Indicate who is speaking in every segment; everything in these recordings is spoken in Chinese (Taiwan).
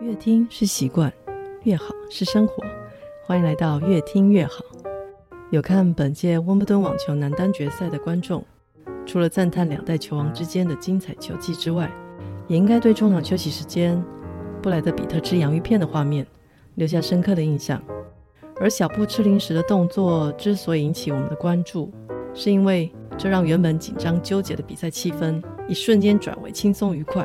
Speaker 1: 越聽是習慣，越好是生活。歡迎來到越聽越好。有看本屆溫布敦網球男單決賽的觀眾，除了讚嘆兩代球王之間的精彩球技之外，也應該對中場休息時間，布萊德彼特吃洋芋片的畫面留下深刻的印象。而小布吃零食的動作之所以引起我們的關注，是因為這讓原本緊張糾結的比賽氣氛，一瞬間轉為輕鬆愉快，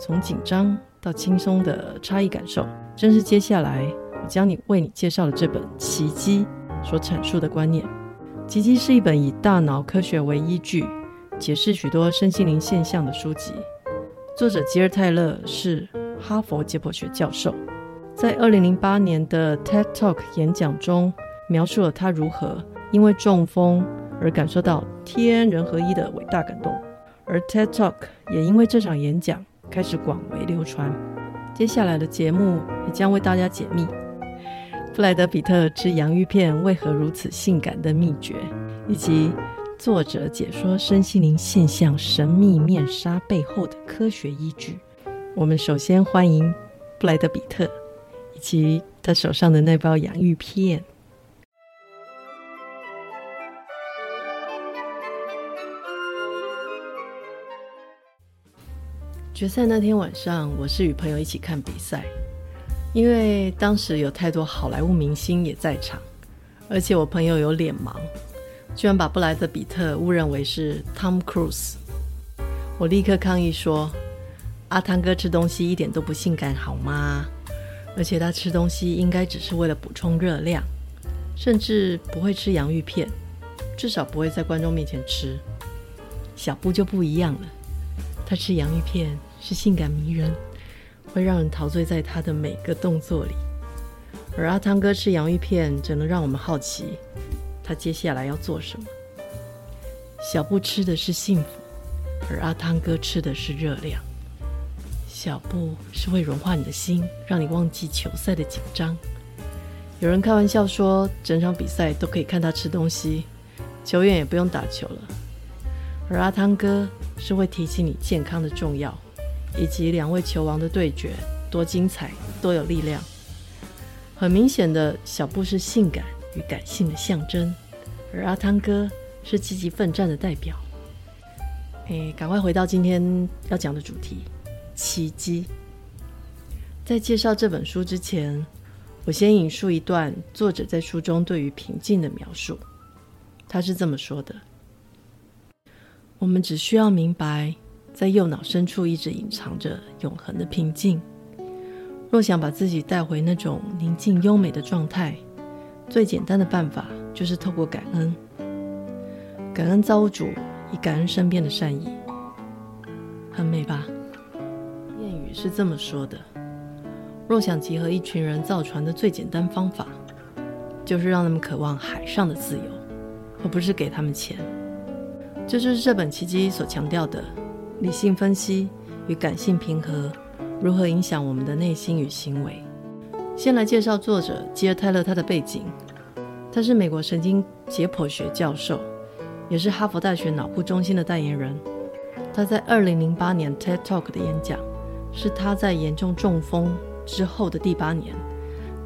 Speaker 1: 從緊張。到輕鬆的差異感受，正是接下來我將你為你介紹的這本《奇蹟》所闡述的觀念。《奇蹟》是一本以大腦科學為依據，解釋許多身心靈現象的書籍。作者吉爾泰勒是哈佛解剖學教授，在2008年的 TED Talk 演講中，描述了他如何因為中風而感受到天人合一的偉大感動，而 TED Talk 也因為這場演講。開始廣為流傳，接下來的節目也將為大家解密布萊德彼特吃洋芋片為何如此性感的秘訣，以及作者解說身心靈現象神秘面紗背後的科學依據。我們首先歡迎布萊德彼特以及他手上的那包洋芋片。決賽那天晚上，我是與朋友一起看比賽，因為當時有太多好萊塢明星也在場，而且我朋友有臉盲，居然把布萊德彼特誤認為是 Tom Cruise，我立刻抗議說：“阿湯哥吃東西一點都不性感好嗎？而且他吃東西應該只是為了補充熱量，甚至不會吃洋芋片，至少不會在觀眾面前吃。”小布就不一樣了，他吃洋芋片，是性感迷人，會讓人陶醉在他的每個動作裡。而阿湯哥吃洋芋片，只能讓我們好奇，他接下來要做什麼。小布吃的是幸福，而阿湯哥吃的是熱量。小布是會融化你的心，讓你忘記球賽的緊張。有人開玩笑說，整場比賽都可以看他吃東西，球員也不用打球了。而阿湯哥是會提醒你健康的重要。以及兩位球王的對決多精彩，多有力量。很明顯的小布是性感與感性的象徵，而阿湯哥是積極奮戰的代表。誒，趕快回到今天要講的主題——奇蹟。在介紹這本書之前，我先引述一段作者在書中對於平靜的描述。他是這麼說的：“我們只需要明白。”在右腦深處一直隱藏着永恆的平靜。若想把自己帶回那種寧靜優美的狀態，最簡單的辦法就是透過感恩，感恩造物主，以感恩身邊的善意。很美吧？諺語是這麼說的：若想集合一群人造船的最簡單方法，就是讓他們渴望海上的自由，而不是給他們錢。這就是這本《奇蹟》所強調的。理性分析與感性平和如何影響我們的內心與行為？先來介紹作者吉爾泰勒他的背景。他是美國神經解剖學教授，也是哈佛大學腦庫中心的代言人。他在2008年 TED Talk 的演講，是他在嚴重中風之後的第八年，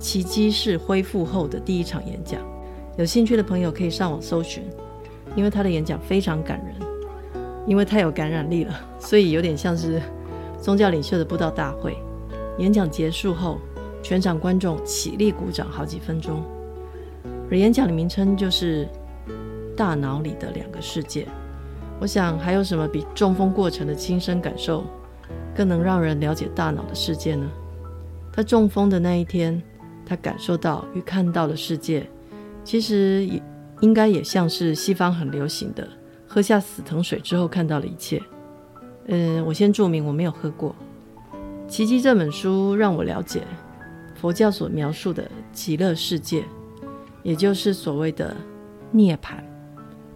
Speaker 1: 奇蹟式恢復後的第一場演講。有興趣的朋友可以上網搜尋，因為他的演講非常感人。因為太有感染力了，所以有點像是宗教領袖的布道大會。演講結束後，全場觀眾起立鼓掌好幾分鐘。而演講的名稱就是《大腦裡的兩個世界》。我想還有什麼比中風過程的親身感受更能讓人了解大腦的世界呢？他中風的那一天，他感受到與看到的世界，其實也應該也像是西方很流行的。喝下死藤水之後看到了一切。嗯，我先注明我沒有喝過。《奇蹟》這本書讓我了解佛教所描述的極樂世界，也就是所謂的涅槃，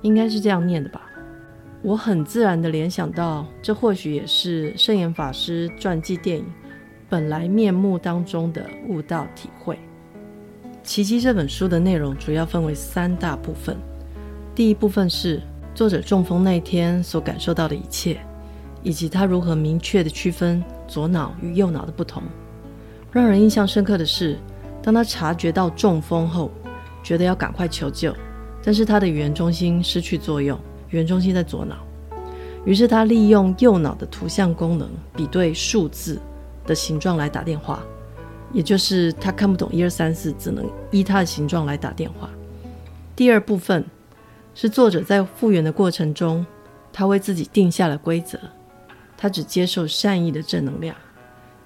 Speaker 1: 應該是這樣念的吧。我很自然地聯想到，這或許也是聖嚴法師傳記電影《本來面目》當中的悟道體會。《奇蹟》這本書的內容主要分為三大部分，第一部分是。作者中風那天所感受到的一切，以及他如何明確的區分左腦與右腦的不同，讓人印象深刻的是，當他察覺到中風後，覺得要趕快求救，但是他的語言中心失去作用，語言中心在左腦，於是他利用右腦的圖像功能比對數字的形狀來打電話，也就是他看不懂一二三四，只能依他的形狀來打電話。第二部分。是作者在復原的過程中，他為自己定下了規則，他只接受善意的正能量，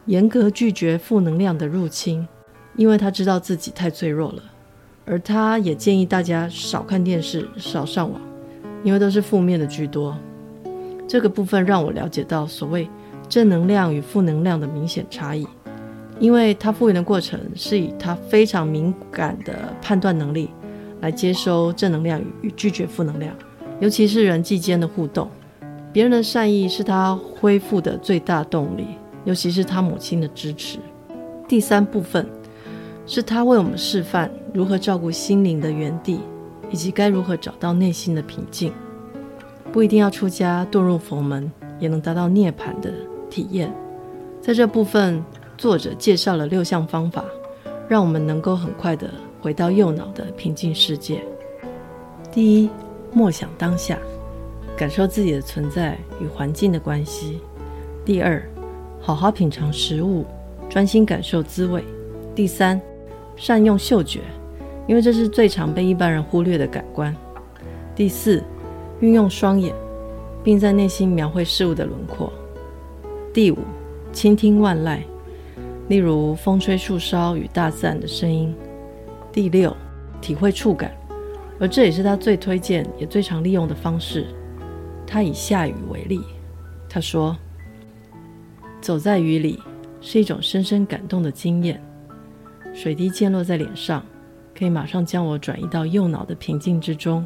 Speaker 1: 嚴格拒絕負能量的入侵，因為他知道自己太脆弱了。而他也建議大家少看電視、少上網，因為都是負面的居多。這個部分讓我了解到所謂正能量與負能量的明顯差異，因為他復原的過程是以他非常敏感的判斷能力。來接收正能量與拒絕負能量，尤其是人際間的互動，別人的善意是他恢復的最大動力，尤其是他母親的支持。第三部分是他為我們示範如何照顧心靈的園地，以及該如何找到內心的平靜。不一定要出家遁入佛門，也能達到涅槃的體驗。在這部分，作者介紹了六項方法，讓我們能夠很快的。回到右腦的平靜世界。第一，默想當下，感受自己的存在與環境的關係。第二，好好品嘗食物，專心感受滋味。第三，善用嗅覺，因為這是最常被一般人忽略的感官。第四，運用雙眼，並在內心描繪事物的輪廓。第五，傾聽萬籟，例如風吹樹梢與大自然的聲音。第六，體會觸感，而這也是他最推薦也最常利用的方式。他以下雨為例，他說：“走在雨裡是一種深深感動的經驗，水滴濺落在臉上，可以馬上將我轉移到右腦的平靜之中，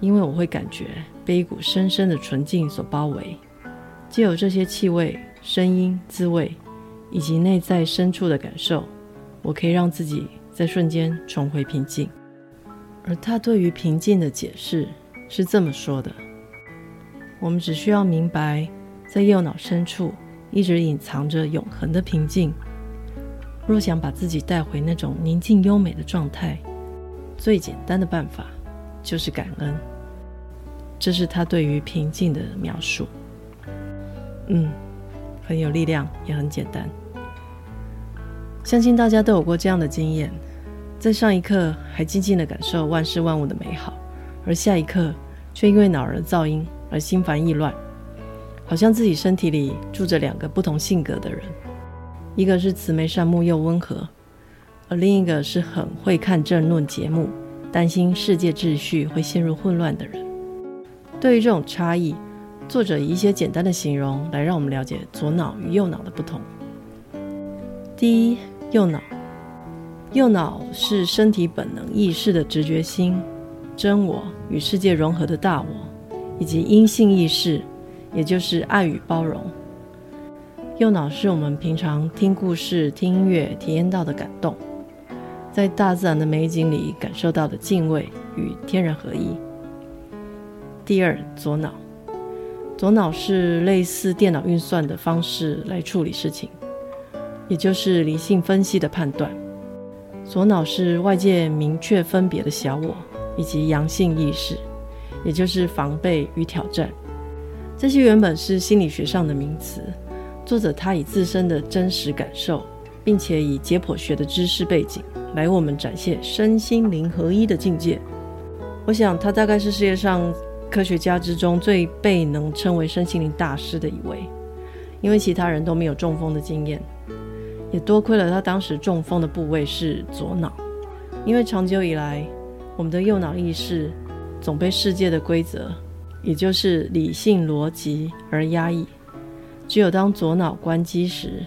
Speaker 1: 因為我會感覺被一股深深的純淨所包圍。藉由這些氣味、聲音、滋味，以及內在深處的感受，我可以讓自己。”在瞬間重回平靜，而他對於平靜的解釋是這麼說的：“我們只需要明白，在右腦深處一直隱藏着永恆的平靜。若想把自己帶回那種寧靜優美的狀態，最簡單的辦法就是感恩。”這是他對於平靜的描述。嗯，很有力量，也很簡單。相信大家都有過這樣的經驗。在上一刻還靜靜地感受萬事萬物的美好，而下一刻卻因為腦兒的噪音而心煩意亂，好像自己身體裡住着兩個不同性格的人，一個是慈眉善目又溫和，而另一個是很會看政論節目，擔心世界秩序會陷入混亂的人。對於這種差異，作者以一些簡單的形容來讓我們了解左腦與右腦的不同。第一，右腦。右腦是身體本能意識的直覺心、真我與世界融合的大我，以及陰性意識，也就是愛與包容。右腦是我們平常聽故事、聽音樂、體驗到的感動，在大自然的美景裡感受到的敬畏與天人合一。第二，左腦，左腦是類似電腦運算的方式來處理事情，也就是理性分析的判斷。左腦是外界明確分別的小我，以及陽性意識，也就是防備與挑戰。這些原本是心理學上的名詞，作者他以自身的真實感受，並且以解剖學的知識背景來為我們展現身心靈合一的境界。我想他大概是世界上科學家之中最被能稱為身心靈大師的一位，因為其他人都沒有中風的經驗。也多虧了他當時中風的部位是左腦，因為長久以來，我們的右腦意識總被世界的規則，也就是理性邏輯而壓抑。只有當左腦關機時，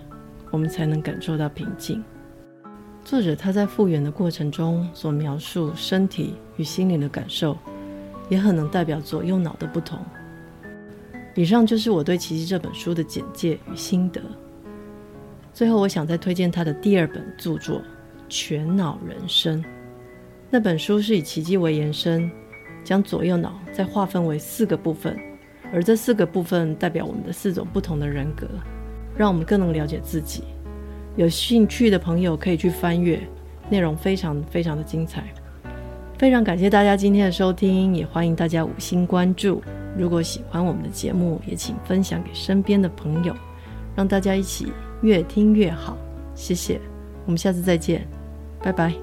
Speaker 1: 我們才能感受到平靜。作者他在復原的過程中所描述身體與心靈的感受，也很能代表左右腦的不同。以上就是我對《奇蹟》這本書的簡介與心得。最後，我想再推薦他的第二本著作《全腦人生》。那本書是以奇蹟為延伸，將左右腦再劃分為四個部分，而這四個部分代表我們的四種不同的人格，讓我們更能了解自己。有興趣的朋友可以去翻閱，內容非常非常的精彩。非常感謝大家今天的收聽，也歡迎大家五星關注。如果喜歡我們的節目，也請分享給身邊的朋友，讓大家一起。越聽越好，謝謝，我們下次再見，拜拜。